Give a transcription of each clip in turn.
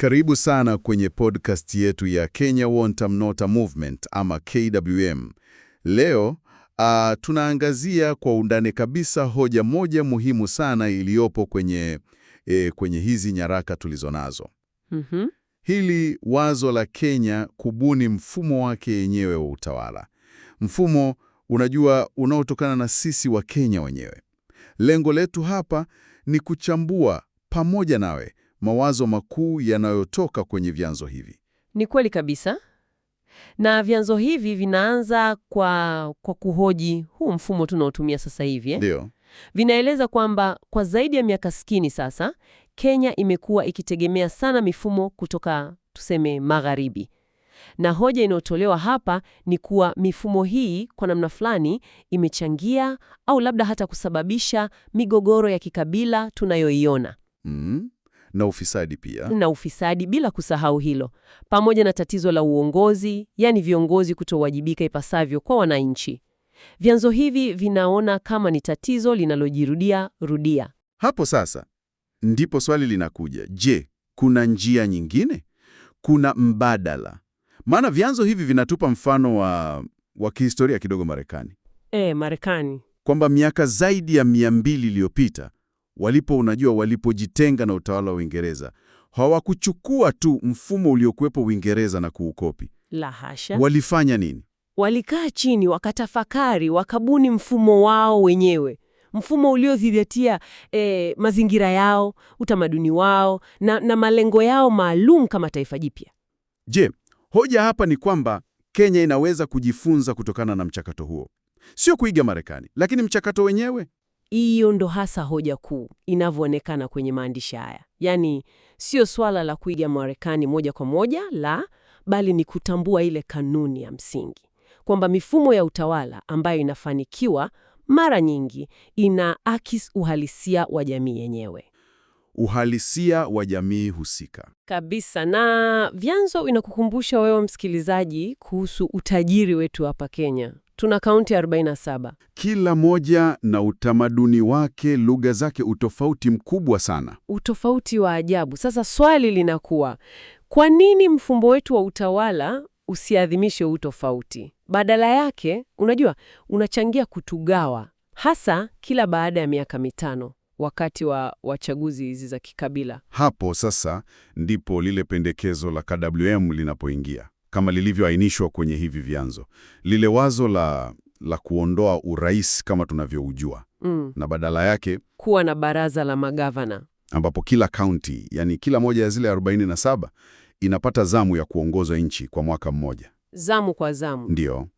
Karibu sana kwenye podcast yetu ya Kenya Wantamnotam Movement ama KWM. Leo uh, tunaangazia kwa undani kabisa hoja moja muhimu sana iliyopo kwenye, eh, kwenye hizi nyaraka tulizonazo. Mm -hmm. Hili wazo la Kenya kubuni mfumo wake yenyewe wa utawala. Mfumo unajua unaotokana na sisi wa Kenya wenyewe. Lengo letu hapa ni kuchambua pamoja nawe mawazo makuu yanayotoka kwenye vyanzo hivi. Ni kweli kabisa, na vyanzo hivi vinaanza kwa, kwa kuhoji huu mfumo tunaotumia sasa hivi eh? Ndio. Vinaeleza kwamba kwa zaidi ya miaka sikini sasa Kenya imekuwa ikitegemea sana mifumo kutoka tuseme magharibi, na hoja inayotolewa hapa ni kuwa mifumo hii kwa namna fulani imechangia au labda hata kusababisha migogoro ya kikabila tunayoiona. Mm na ufisadi pia, na ufisadi bila kusahau hilo, pamoja na tatizo la uongozi, yaani viongozi kutowajibika ipasavyo kwa wananchi. Vyanzo hivi vinaona kama ni tatizo linalojirudia rudia. Hapo sasa ndipo swali linakuja, je, kuna njia nyingine? Kuna mbadala? Maana vyanzo hivi vinatupa mfano wa wa kihistoria kidogo Marekani. E, Marekani kwamba miaka zaidi ya mia mbili iliyopita walipo, unajua, walipojitenga na utawala wa Uingereza hawakuchukua tu mfumo uliokuwepo Uingereza na kuukopi. La hasha. Walifanya nini? Walikaa chini, wakatafakari, wakabuni mfumo wao wenyewe, mfumo uliozingatia eh, mazingira yao, utamaduni wao na, na malengo yao maalum kama taifa jipya. Je, hoja hapa ni kwamba Kenya inaweza kujifunza kutokana na mchakato huo, sio kuiga Marekani, lakini mchakato wenyewe hiyo ndo hasa hoja kuu inavyoonekana kwenye maandishi haya, yaani sio swala la kuiga Marekani moja kwa moja la, bali ni kutambua ile kanuni ya msingi kwamba mifumo ya utawala ambayo inafanikiwa mara nyingi akis uhalisia wa jamii yenyewe, uhalisia wa jamii husika kabisa. Na vyanzo inakukumbusha wewe msikilizaji kuhusu utajiri wetu hapa Kenya. Tuna kaunti 47. Kila moja na utamaduni wake, lugha zake, utofauti mkubwa sana. Utofauti wa ajabu. Sasa swali linakuwa, kwa nini mfumbo wetu wa utawala usiadhimishe huu tofauti Badala yake, unajua, unachangia kutugawa, hasa kila baada ya miaka mitano wakati wa wachaguzi hizi za kikabila. Hapo sasa ndipo lile pendekezo la KWM linapoingia kama lilivyoainishwa kwenye hivi vyanzo, lile wazo la, la kuondoa urais kama tunavyoujua mm. na badala yake kuwa na baraza la magavana ambapo kila kaunti, yani kila moja ya zile 47 inapata zamu ya kuongoza nchi kwa mwaka mmoja, zamu kwa zamu. ndio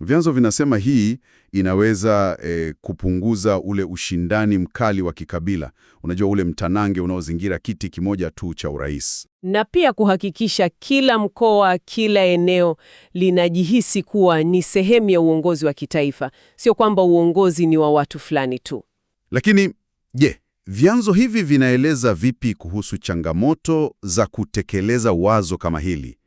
Vyanzo vinasema hii inaweza e, kupunguza ule ushindani mkali wa kikabila, unajua ule mtanange unaozingira kiti kimoja tu cha urais, na pia kuhakikisha kila mkoa, kila eneo linajihisi kuwa ni sehemu ya uongozi wa kitaifa, sio kwamba uongozi ni wa watu fulani tu. Lakini je, vyanzo hivi vinaeleza vipi kuhusu changamoto za kutekeleza wazo kama hili?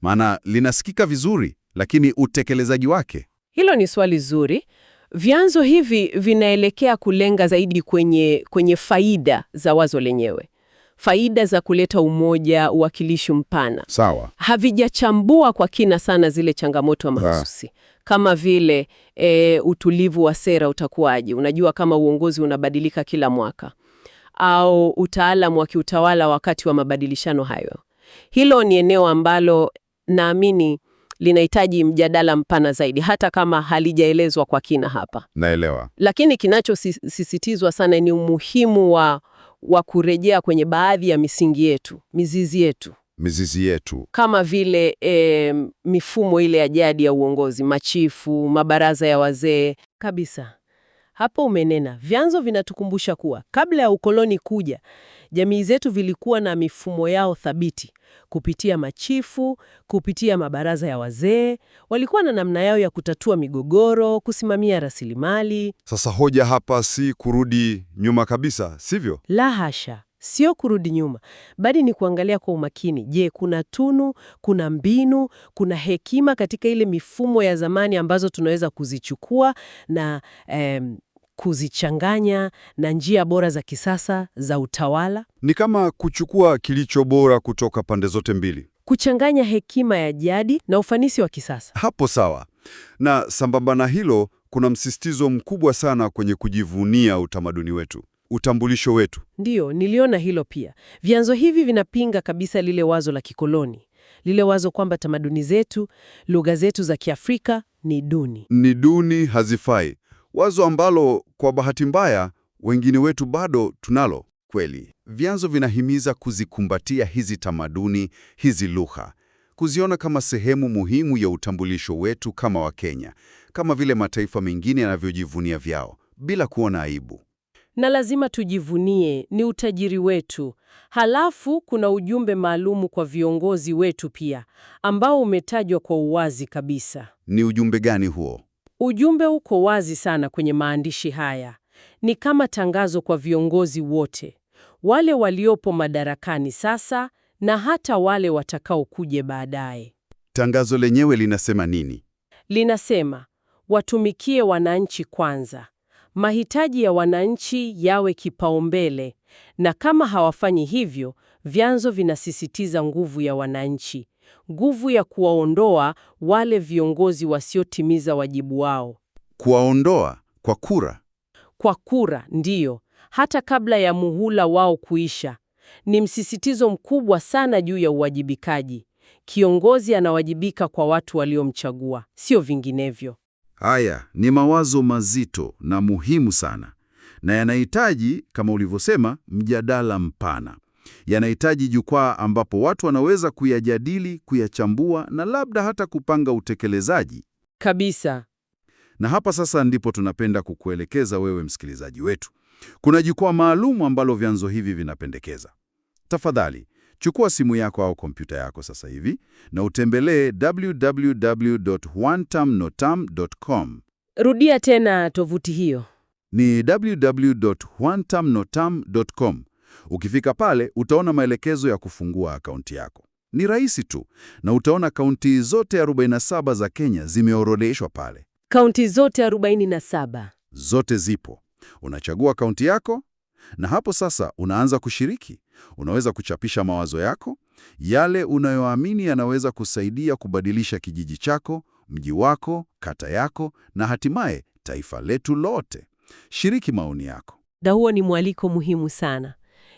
Maana linasikika vizuri lakini utekelezaji wake? Hilo ni swali zuri. Vyanzo hivi vinaelekea kulenga zaidi kwenye, kwenye faida za wazo lenyewe, faida za kuleta umoja, uwakilishi mpana. Sawa, havijachambua kwa kina sana zile changamoto mahususi kama vile e, utulivu wa sera utakuwaje? Unajua, kama uongozi unabadilika kila mwaka, au utaalamu wa kiutawala wakati wa mabadilishano hayo. Hilo ni eneo ambalo naamini linahitaji mjadala mpana zaidi, hata kama halijaelezwa kwa kina hapa. Naelewa, lakini kinachosisitizwa sana ni umuhimu wa, wa kurejea kwenye baadhi ya misingi yetu, mizizi yetu mizizi yetu kama vile e, mifumo ile ya jadi ya uongozi, machifu, mabaraza ya wazee kabisa. Hapo umenena, vyanzo vinatukumbusha kuwa kabla ya ukoloni kuja, jamii zetu vilikuwa na mifumo yao thabiti, kupitia machifu, kupitia mabaraza ya wazee. Walikuwa na namna yao ya kutatua migogoro, kusimamia rasilimali. Sasa hoja hapa si kurudi nyuma kabisa, sivyo? La hasha. Sio kurudi nyuma, bali ni kuangalia kwa umakini. Je, kuna tunu, kuna mbinu, kuna hekima katika ile mifumo ya zamani ambazo tunaweza kuzichukua na eh, kuzichanganya na njia bora za kisasa za utawala. Ni kama kuchukua kilicho bora kutoka pande zote mbili, kuchanganya hekima ya jadi na ufanisi wa kisasa. Hapo sawa. Na sambamba na hilo, kuna msisitizo mkubwa sana kwenye kujivunia utamaduni wetu utambulisho wetu. Ndiyo, niliona hilo pia. Vyanzo hivi vinapinga kabisa lile wazo la kikoloni, lile wazo kwamba tamaduni zetu, lugha zetu za Kiafrika ni duni, ni duni, hazifai wazo ambalo kwa bahati mbaya wengine wetu bado tunalo. Kweli, vyanzo vinahimiza kuzikumbatia hizi tamaduni, hizi lugha, kuziona kama sehemu muhimu ya utambulisho wetu kama Wakenya, kama vile mataifa mengine yanavyojivunia vyao bila kuona aibu. Na lazima tujivunie, ni utajiri wetu. Halafu kuna ujumbe maalumu kwa viongozi wetu pia, ambao umetajwa kwa uwazi kabisa. Ni ujumbe gani huo? Ujumbe uko wazi sana kwenye maandishi haya. Ni kama tangazo kwa viongozi wote, wale waliopo madarakani sasa na hata wale watakaokuja baadaye. Tangazo lenyewe linasema nini? Linasema watumikie wananchi kwanza, mahitaji ya wananchi yawe kipaumbele, na kama hawafanyi hivyo, vyanzo vinasisitiza nguvu ya wananchi, nguvu ya kuwaondoa wale viongozi wasiotimiza wajibu wao. Kuwaondoa kwa kura? Kwa kura, ndiyo, hata kabla ya muhula wao kuisha. Ni msisitizo mkubwa sana juu ya uwajibikaji. Kiongozi anawajibika kwa watu waliomchagua, sio vinginevyo. Haya ni mawazo mazito na muhimu sana, na yanahitaji kama ulivyosema, mjadala mpana yanahitaji jukwaa ambapo watu wanaweza kuyajadili, kuyachambua na labda hata kupanga utekelezaji kabisa. Na hapa sasa ndipo tunapenda kukuelekeza wewe msikilizaji wetu. Kuna jukwaa maalum ambalo vyanzo hivi vinapendekeza. Tafadhali chukua simu yako au kompyuta yako sasa hivi na utembelee www.onetermnotam.com. Rudia tena tovuti hiyo ni www.onetermnotam.com. Ukifika pale utaona maelekezo ya kufungua akaunti yako. Ni rahisi tu, na utaona kaunti zote 47 za Kenya zimeorodheshwa pale. Kaunti zote 47 zote zipo. Unachagua kaunti yako na hapo sasa unaanza kushiriki. Unaweza kuchapisha mawazo yako, yale unayoamini yanaweza kusaidia kubadilisha kijiji chako, mji wako, kata yako na hatimaye taifa letu lote. Shiriki maoni yako. Da, huo ni mwaliko muhimu sana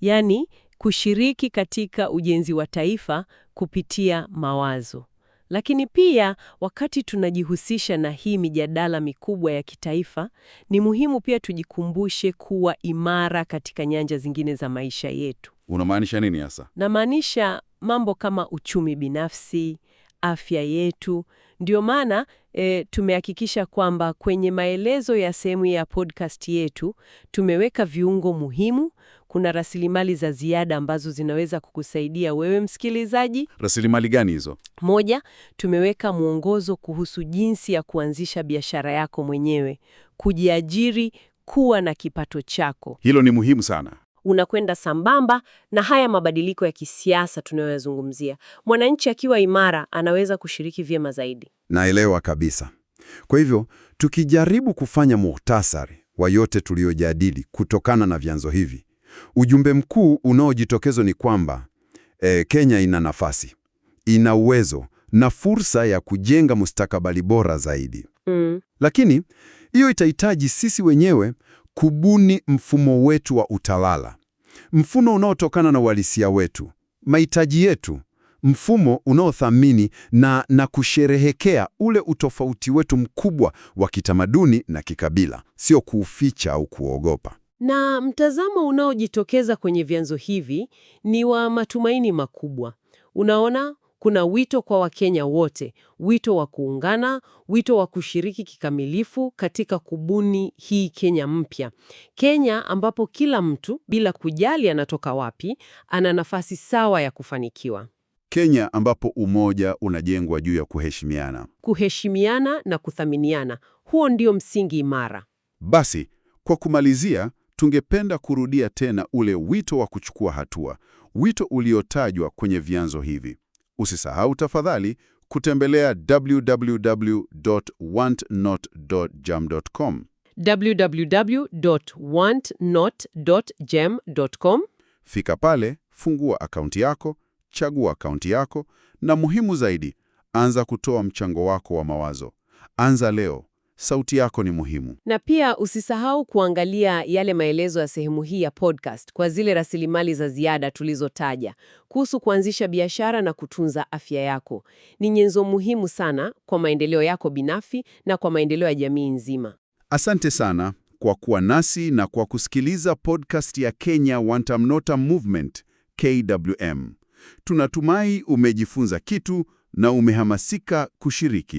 yaani kushiriki katika ujenzi wa taifa kupitia mawazo. Lakini pia wakati tunajihusisha na hii mijadala mikubwa ya kitaifa, ni muhimu pia tujikumbushe kuwa imara katika nyanja zingine za maisha yetu. Unamaanisha nini hasa? Namaanisha mambo kama uchumi binafsi, afya yetu. Ndio maana e, tumehakikisha kwamba kwenye maelezo ya sehemu ya podcast yetu tumeweka viungo muhimu kuna rasilimali za ziada ambazo zinaweza kukusaidia wewe msikilizaji. Rasilimali gani hizo? Moja, tumeweka mwongozo kuhusu jinsi ya kuanzisha biashara yako mwenyewe, kujiajiri, kuwa na kipato chako. Hilo ni muhimu sana unakwenda sambamba na haya mabadiliko ya kisiasa tunayoyazungumzia. Mwananchi akiwa imara anaweza kushiriki vyema zaidi. Naelewa kabisa. Kwa hivyo tukijaribu kufanya muhtasari wa yote tuliyojadili kutokana na vyanzo hivi, Ujumbe mkuu unaojitokeza ni kwamba e, Kenya ina nafasi, ina uwezo na fursa ya kujenga mustakabali bora zaidi. Mm. Lakini hiyo itahitaji sisi wenyewe kubuni mfumo wetu wa utawala, mfumo unaotokana na uhalisia wetu, mahitaji yetu, mfumo unaothamini na, na kusherehekea ule utofauti wetu mkubwa wa kitamaduni na kikabila, sio kuuficha au kuogopa. Na mtazamo unaojitokeza kwenye vyanzo hivi ni wa matumaini makubwa. Unaona, kuna wito kwa Wakenya wote, wito wa kuungana, wito wa kushiriki kikamilifu katika kubuni hii Kenya mpya, Kenya ambapo kila mtu bila kujali anatoka wapi ana nafasi sawa ya kufanikiwa, Kenya ambapo umoja unajengwa juu ya kuheshimiana, kuheshimiana na kuthaminiana. Huo ndio msingi imara. Basi, kwa kumalizia tungependa kurudia tena ule wito wa kuchukua hatua, wito uliotajwa kwenye vyanzo hivi. Usisahau tafadhali kutembelea www.wantnot.jam.com www.wantnot.jam.com. Fika pale, fungua akaunti yako, chagua akaunti yako, na muhimu zaidi, anza kutoa mchango wako wa mawazo. Anza leo sauti yako ni muhimu. Na pia usisahau kuangalia yale maelezo ya sehemu hii ya podcast kwa zile rasilimali za ziada tulizotaja kuhusu kuanzisha biashara na kutunza afya yako. Ni nyenzo muhimu sana kwa maendeleo yako binafsi na kwa maendeleo ya jamii nzima. Asante sana kwa kuwa nasi na kwa kusikiliza podcast ya Kenya Wantamnotam Movement KWM. Tunatumai umejifunza kitu na umehamasika kushiriki.